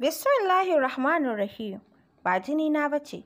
Bismillahir Rahmanir Rahim. Ba jini na bace.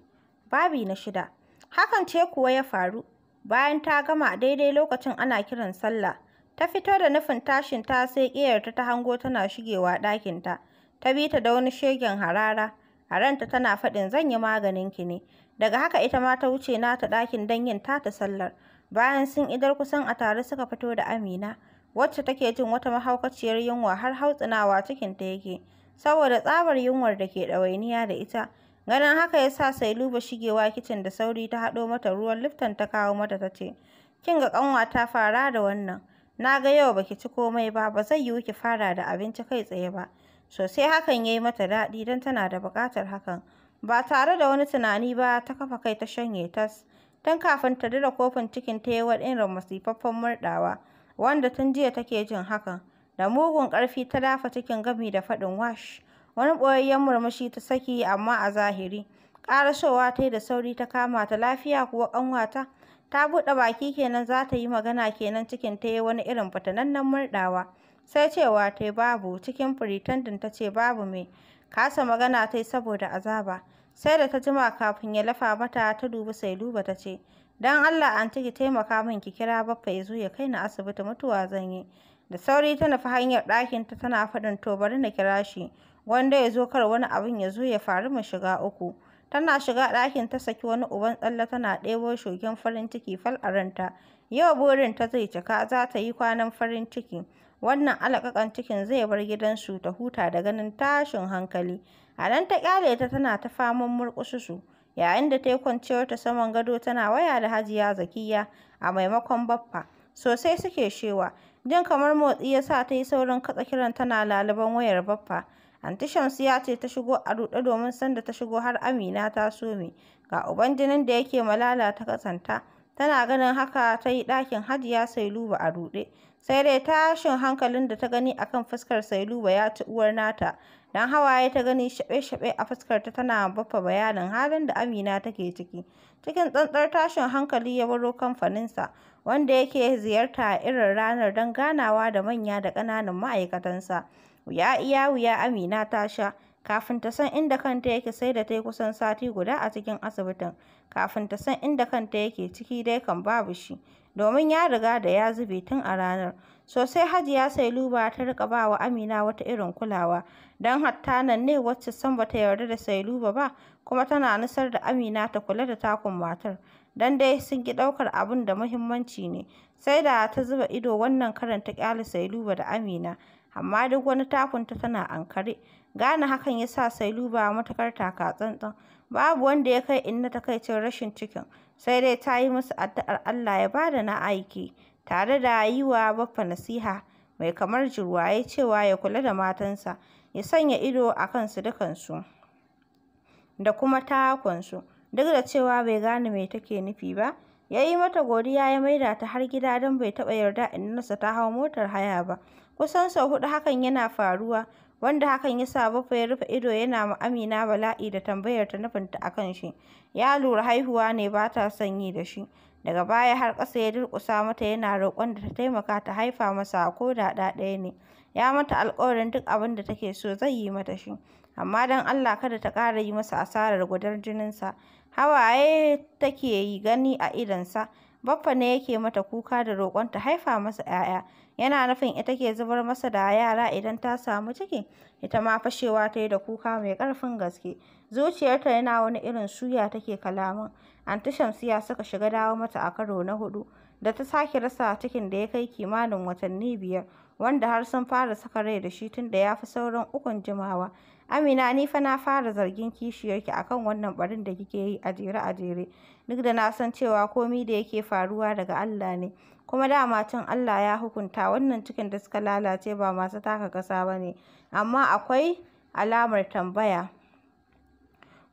Babi na shida. Hakan ce kuwa ya faru. Bayan ta gama daidai lokacin ana kiran sallah, ta fito da nufin tashin ta sai ƙiyarta ta hango tana shigewa ɗakinta. Ta bi ta da wani shegen harara. A ranta tana faɗin zan yi maganin ki ne. Daga haka ita ma ta wuce na ta ɗakin don yin ta sallar. Bayan sun idar kusan a tare suka fito da Amina, wacce take jin wata mahaukaciyar yunwa har hautsinawa cikinta yake. saboda tsabar yunwar da ke ɗawainiya da ita. Ganin haka ya sa Sailuba shigewa kicin da sauri ta haɗo mata ruwan lifton ta kawo mata ta ce, Kin ga ta fara da wannan, na ga yau baki ci komai ba, ba zai yiwu ki fara da abinci kai tsaye ba. Sosai hakan ya yi mata daɗi don tana da buƙatar hakan. Ba tare da wani tunani ba ta kafa kai ta shanye tas, Tun kafin ta dira kofin cikin ta yi wa irin masifaffen murɗawa, wanda tun jiya take jin hakan. da mugun ƙarfi ta dafa cikin gami da faɗin wash. Wani ɓoyayyen murmushi ta saki amma a zahiri. Ƙarashowa ta yi da sauri ta kama ta lafiya kuwa ƙanwata. Ta buɗe baki kenan za ta yi magana kenan cikin ta yi wani irin fitanannen murɗawa. Sai cewa ta yi babu cikin pretending ta ce babu mai Kasa magana ta yi saboda azaba. Sai da ta jima kafin ya lafa mata ta dubi duba ta ce, Don Allah anti ki taimaka min ki kira baffa ya zo ya kai ni asibiti mutuwa zan yi. Da sauri ta nufi hanyar ta tana faɗin to bari na kira shi, gwanda ya zo kar wani abin ya zo ya faru mu shiga uku. Tana shiga ɗakin ta saki wani uban tsalle tana ɗebo shogen farin ciki fal a ranta. Yau ta zai cika za ta yi kwanan farin ciki. Wannan alaƙaƙan cikin zai bar gidansu ta huta da ganin tashin hankali. A nan ta ƙyale ta tana ta faman murƙususu. Yayin da ta yi kwanciyarta saman gado tana waya da Hajiya Zakiya a maimakon Baffa. sosai suke shewa. Jin kamar motsi ya sa ta yi saurin katsa kiran tana laliban wayar Baffa. Anti ya ce ta shigo a ruɗe domin sanda ta shigo har Amina ta some. Ga uban jinin da yake malala ta kasanta. Tana ganin haka ta yi ɗakin Hajiya Sailuba a ruɗe. Sai dai tashin hankalin da ta gani akan kan fuskar Sailuba ya ci uwar nata. Dan hawaye ta gani shaɓe-shaɓe a fuskar ta tana baffa bayanin halin da Amina take ciki. Cikin tsantsar tashin hankali ya baro kamfaninsa. wanda yake ziyarta a irin ranar don ganawa da manya da ƙananan ma'aikatansa. Wuya iya wuya Amina ta sha, kafin ta san inda kanta yake sai da ta yi kusan sati guda a cikin asibitin, kafin ta san inda kanta yake ciki dai kan babu shi, domin ya riga da ya zube tun a ranar. Sosai Hajiya Sailuba ta riƙa ba wa Amina wata irin kulawa, don hatta nan ne wacce san ba ta yarda da Sailuba ba, kuma tana nusar da Amina ta kula da takun matar. don dai sun ki ɗaukar abun da muhimmanci ne. Sai da ta zuba ido wannan karanta ta ƙyale Sailuba da Amina, amma duk wani takunta tana ankare. Gane hakan ya sa Sailuba matuƙar taka-tsantsan. Babu wanda ya kai Inna takaicin rashin cikin, sai dai ta yi musu addu'ar Allah ya ba da na aiki, tare da yi wa Baffa nasiha mai kamar jirwaye cewa ya kula da matansa, ya sanya ido a kansu dukansu da kuma takunsu. duk da cewa bai gane me take nufi ba. Ya yi mata godiya ya maida ta har gida don bai taɓa yarda innarsa ta hau motar haya ba. Kusan sau huɗu hakan yana faruwa, wanda hakan ya sa bafa ya rufe ido yana ma Amina bala'i da tambayar ta nufinta a kan shi. Ya lura haihuwa ne ba ta son yi da shi. Daga baya har ƙasa ya durƙusa mata yana roƙon da ta taimaka ta haifa masa ko da ɗa ɗaya ne. Ya mata alƙawarin duk abin da take so zai yi mata shi. Amma don Allah kada ta ƙara yi masa asarar gudar jininsa. Hawaye take yi gani a idonsa. Baffa ne yake mata kuka da roƙon ta haifa masa 'ya'ya. Yana nufin ita ke zubar masa da yara idan ta samu ciki. Ita ma fashewa ta yi da kuka mai ƙarfin gaske. Zuciyarta yana wani irin suya take kalaman. Anti shamsiya suka shiga dawo mata a karo na hudu. da ta sake rasa cikin da ya kai kimanin watanni biyar wanda har sun fara saka rai da shi tun da ya fi sauran ukun jimawa. Amina ni fa na fara zargin kishiyarki akan wannan barin da kike yi a jere a jere duk da na san cewa komai da yake faruwa daga Allah ne kuma dama tun Allah ya hukunta wannan cikin da suka lalace ba masu taka kasa ba ne amma akwai alamar tambaya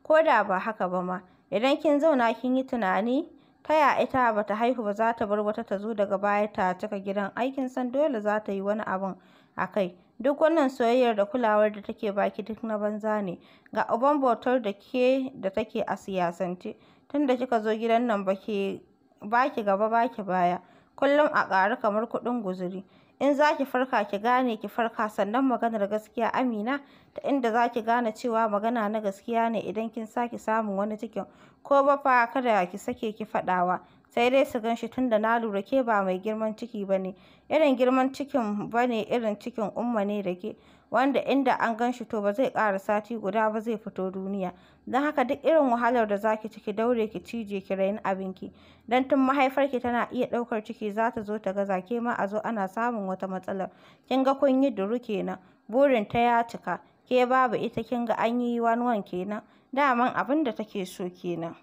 ko da ba haka ba ma idan kin zauna kin yi tunani ta ya ita ba ta haihu ba za ta bar wata ta zo daga baya ta cika gidan aikin san dole za ta yi wani abun a kai duk wannan soyayyar da kulawar da take baki duk na banza ne ga uban bautar da ke da take a siyasance tunda kika zo gidan nan baki baki gaba baki baya kullum a ƙaru kamar kuɗin guzuri in za ki farka ki gane ki farka sannan maganar gaskiya Amina ta inda za ki gane cewa magana na gaskiya ne idan kin saki samun wani cikin ko ba fa kada ki sake ki fadawa sai dai su ganshi tunda na lura ke ba mai girman ciki ba ne irin girman cikin ba ne irin cikin umma ne da ke wanda inda an gan shi to ba zai ƙara sati guda ba zai fito duniya. Don haka duk irin wahalar da zaki ciki daure ki cije ki raini abinki. Don tun mahaifarki tana iya ɗaukar ciki za ta zo ta ga zake, ma a zo ana samun wata matsalar. Kin ga kun yi duru kenan. burin ta ya cika. Ke babu ita kin ga an yi wan-wan kenan. Daman abin da take so kenan.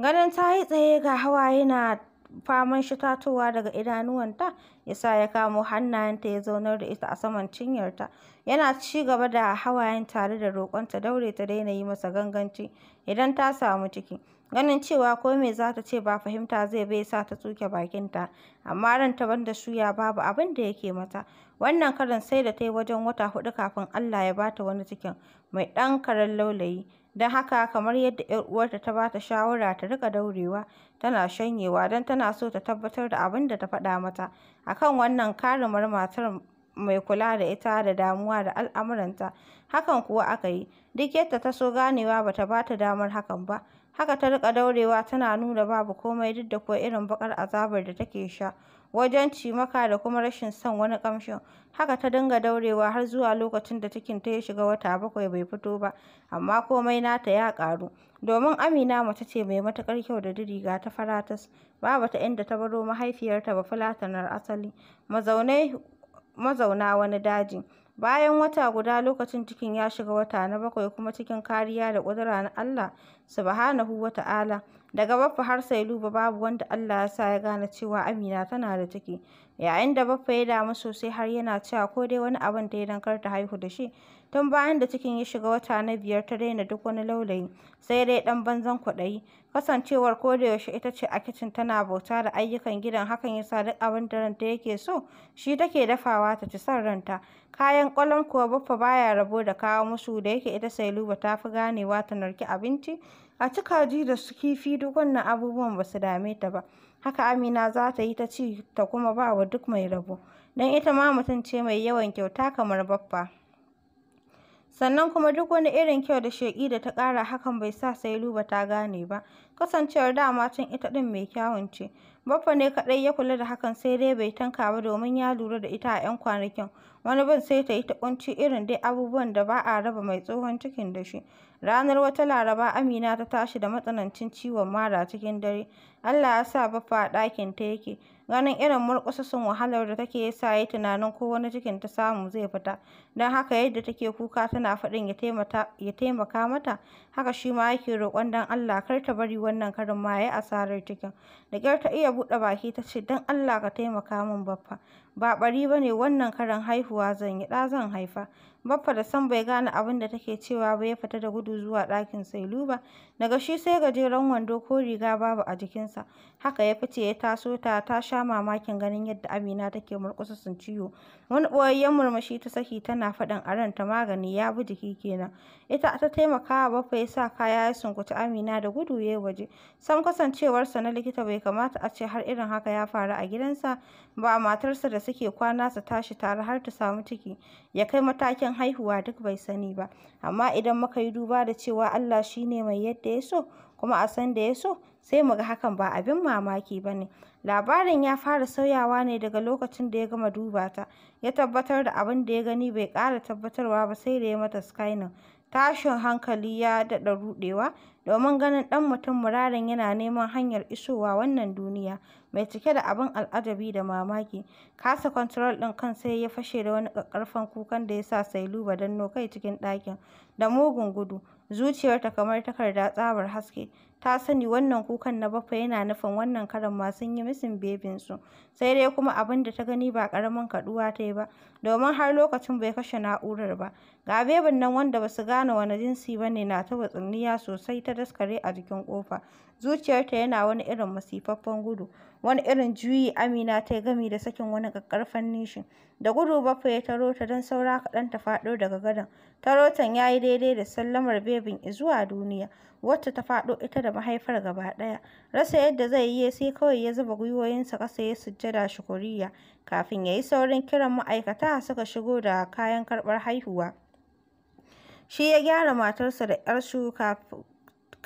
Ganin ta yi tsaye ga hawaye na faman shi shitatowa daga idanuwanta ya sa ya kamo hannayenta ya zaunar da ita a saman cinyarta yana ci gaba da hawayen tare da roƙon ta daure ta daina yi masa ganganci idan ta samu ciki ganin cewa ko me za ta ce ba fahimta zai bai sa ta tsuke bakinta amma ran ranta banda shuya babu abin da yake mata wannan karin sai da ta yi wajen wata hudu kafin Allah ya bata wani cikin mai ɗan karen laulayi Don haka, kamar yadda ‘yar uwarta ta ba ta shawara ta riƙa daurewa tana shanyewa don tana so ta tabbatar da abin da ta faɗa mata. A kan wannan, Karumar matar mai kula da ita da damuwa da al'amuranta, hakan kuwa aka yi. Duk yadda ta so ganewa ba ta ba ta damar hakan ba. Haka ta riƙa daurewa tana nuna babu komai duk da kuwa irin baƙar azabar da take sha. wajen cimaka da kuma rashin son wani ƙamshin. Haka ta dinga daurewa har zuwa lokacin da cikinta ya shiga wata bakwai bai fito ba, amma komai nata ya ƙaru. Domin Amina mace ce mai matuƙar kyau da diriga ta faratas, babu ta inda ta baro mahaifiyarta ba Fulatanar asali, mazauna wani daji. Bayan wata guda lokacin cikin ya shiga wata na bakwai kuma cikin kariya da ƙudura na Allah Subhanahu wata'ala daga Baffa har sai luba babu wanda Allah ya sa ya gane cewa Amina tana da ciki, yayin da Baffa ya damu sosai har yana cewa ko dai wani abin da ya dankar ta haihu da shi Tun bayan da cikin ya shiga wata na biyar ta daina duk wani laulayi, sai dai ɗan banzan kwaɗayi. Kasancewar yaushe ita ce a kicin tana bauta da ayyukan gidan hakan ya sa duk abin da ranta yake so, shi take dafawa ta ci son ranta. Kayan ƙwalam kuwa Baffa baya rabo da kawo musu da yake ita sai Luba ta fi ganewa ta narki abinci. A ci kaji da su kifi duk wannan abubuwan ba su dame ta ba. Haka Amina za ta yi ta ci ta kuma ba wa duk mai rabo. Don ita ma mutum ce mai yawan kyauta kamar Baffa. Sannan kuma duk wani irin kyau da sheƙi da ta ƙara hakan bai sa Sailuba ta gane ba, kasancewar dama tun ita ɗin mai kyawun ce. Baffa ne kaɗai ya kula da hakan sai dai bai tanka ba domin ya lura da ita a 'yan kwanakin, wani bin sai ta yi ta ƙunci irin dai abubuwan da ba a raba mai tsohon cikin da shi. Ranar wata Laraba Amina ta tashi da matsanancin ciwon mara cikin dare, Allah ya sa Baffa a ta yake. Ganin irin murƙusassun wahalar da take sa yi tunanin ko wani cikin ta samu zai fita. Don haka yadda take kuka tana faɗin ya taimaka mata, haka shi ma yake roƙon don Allah kar ta bari wannan karin ma ya asarar cikin. Da kyar ta iya buɗe baki ta ce don Allah ka taimaka min Baffa. Ba ɓari ba ne wannan karin haihuwa zan yi, ɗa zan haifa. Baffa da san bai gane abin da take cewa ba ya fita da gudu zuwa ɗakin sailu ba Daga shi sai gajeren wando ko riga babu a jikinsa. Haka ya fice ya taso ta ta sha sha mamakin ganin yadda Amina take sun ciwo. Wani ɓoyayyen murmushi ta saki tana faɗin a ta magani ya bi jiki kenan. Ita ta taimaka wa Baffa ya kaya ya sunkuci Amina da gudu ya waje. Sam kasancewarsa na likita bai kamata a ce har irin haka ya faru a gidansa ba matarsa da suke kwana su tashi tare har ta samu ciki ya kai matakin haihuwa duk bai sani ba. Amma idan muka yi duba da cewa Allah shine mai yadda ya so kuma a san da ya so sai mu ga hakan ba abin mamaki ba ne. Labarin ya fara sauyawa ne daga lokacin da ya gama duba ta, ya tabbatar da abin da ya gani bai ƙara tabbatarwa ba sai da ya mata scanning. Tashin hankali ya daɗa ruɗewa domin ganin ɗan mutum muraren yana neman hanyar isowa wannan duniya mai cike da abin al'ajabi da mamaki. Kasa kwantarol ɗin kan sai ya fashe da wani ƙaƙƙarfan kukan da ya sa luba danno kai cikin ɗakin da mugun gudu, zuciyarta kamar takarda tsabar haske. ta sani wannan kukan na baffa yana nufin wannan karan ma sun yi misin bebinsu, sai dai kuma abin da ta gani ba karamin kaduwa ta yi ba, domin har lokacin bai kashe na'urar ba. Ga bebin nan wanda basu gane wani jinsi ba ne na ta watsinniya sosai ta daskare a jikin ƙofa, Zuciyarta yana wani irin masifaffen gudu, wani irin juyi Amina ta yi gami da sakin wani ƙaƙƙarfan nishin. Da gudu Baffa ya taro ta don saura kaɗan ta faɗo daga gadon. Tarotan ya yi daidai da sallamar bebin izuwa duniya, wacce ta faɗo ita da mahaifar gaba ɗaya. Rasa yadda zai yi sai kawai ya zuba gwiwoyinsa ƙasa ya sujjada shukuriya, kafin ya yi saurin kiran ma'aikata suka shigo da kayan karɓar haihuwa. Shi ya gyara matarsa da 'yar shuka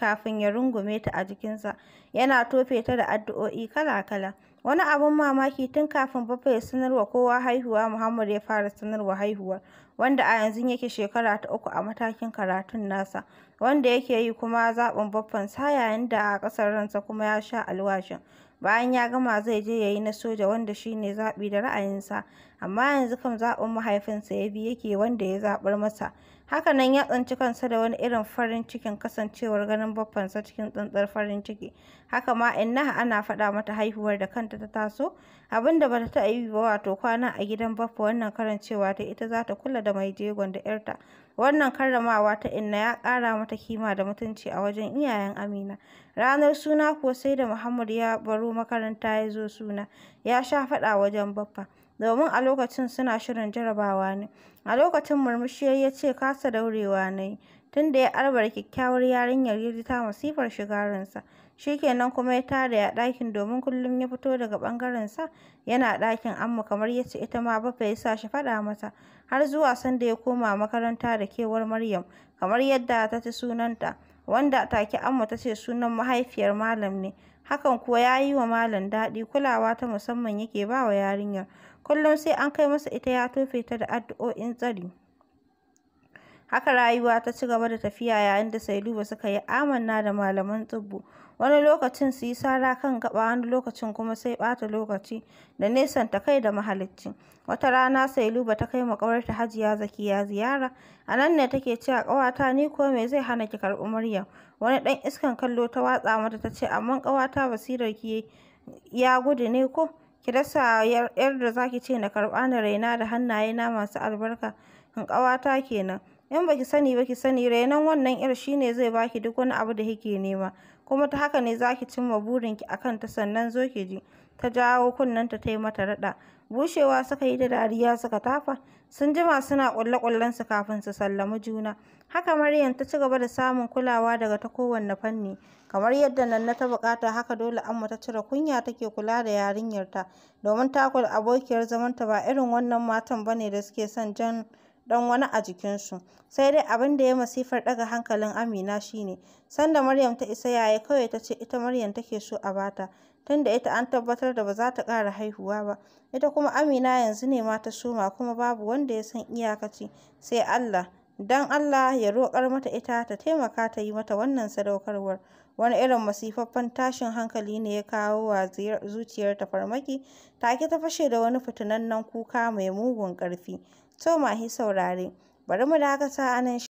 kafin ya rungume ta a jikinsa, yana tofe ta da addu'o'i kala-kala. Wani abun mamaki tun kafin Baffa ya sanarwa kowa haihuwa, Muhammad ya fara sanarwa haihuwar, wanda a yanzu yake shekara ta uku a matakin karatun nasa, wanda yake yi kuma zaɓin Baffansa yayin da a ƙasar ransa kuma ya sha alwashin, bayan ya gama zai je ya yi na soja wanda shi ne zaɓi da ra'ayinsa. amma yanzu kan zaɓin mahaifinsa ya bi yake wanda ya zaɓar masa. Hakanan ya tsinci kansa da wani irin farin cikin kasancewar ganin baffansa cikin tsantsar farin ciki. Haka ma inna ana faɗa mata haihuwar da kanta ta taso, abin da bata ta yi ba wato kwana a gidan baffa wannan karan cewa ta ita za ta kula da mai jegon da 'yarta. Wannan karramawa ta inna ya ƙara mata kima da mutunci a wajen iyayen Amina. Ranar suna kuwa sai da Muhammad ya baro makaranta ya zo suna, ya sha faɗa wajen baffa. domin a lokacin suna shirin jarabawa ne. A lokacin murmushi ya ce kasa daurewa ne. Tunda tun da ya arbar kyakkyawar yarinyar ya ji ta masifar shigarinsa ransa. Shi kenan kuma ya tare ya ɗakin domin kullum ya fito daga ɓangarensa yana ɗakin Amma kamar ya ce ita ma bafa ya sa shi faɗa mata, har zuwa sanda ya koma makaranta da kewar Maryam, kamar yadda ta ci sunanta, wanda take Amma ta ce sunan mahaifiyar malam ne. Hakan kuwa ya yi wa Malam daɗi, kulawa ta musamman yake ba wa yarinyar, kullum sai an kai masa ita ya tofe ta da addu'o'in tsari. Haka rayuwa ta ci gaba da tafiya yayin da sailu ba suka yi amanna da malaman tsibbu, wani lokacin su yi sara kan gaba, wani lokacin kuma sai ɓata lokaci da ta kai da mahalicci. Wata rana Sailuba ta kai makawarta Hajiya Zakiya ziyara, a nan ne take cewa ƙawata ni ko me zai hana ki karɓi Maryam. wani ɗan iskan kallo ta watsa mata ta ce amma basirar basirarki ya gudu ne ko ki rasa yar da zaki ce na karɓa na raina da hannayena masu albarka in ƙawata kenan in baki sani ba ki sani rainon wannan yar shine zai baki duk wani abu da kike nema kuma ta haka ne zaki cimma burinki akan ta sannan zo ki ji ta jawo kunnen ta yi mata raɗa. Bushewa suka yi da dariya suka tafa. Sun jima suna kulle-kullen su kafin su sallami juna. Haka Maryam ta ci gaba da samun kulawa daga ta kowanne fanni. Kamar yadda Nanna ta bukata haka dole Amma ta cire kunya take kula da yarinyarta. Domin ta kula abokiyar zamanta ba irin wannan matan bane da suke son jan dan wani a jikinsu. Sai dai abin da ya masifar ɗaga hankalin Amina shine, sanda Maryam ta isa yaya kawai ta ce ita Maryam take so a bata. tunda ita an tabbatar da ba za ta ƙara haihuwa ba ita kuma Amina yanzu ne ma ta suma kuma babu wanda ya san iyakaci sai Allah dan Allah ya roƙar mata ita ta taimaka ta yi mata wannan sadaukarwar wani irin masifaffen tashin hankali ne ya kawo wa zuciyarta farmaki take ta fashe da wani fitinannen kuka mai mugun ƙarfi to mahi saurare bari mu dakata anan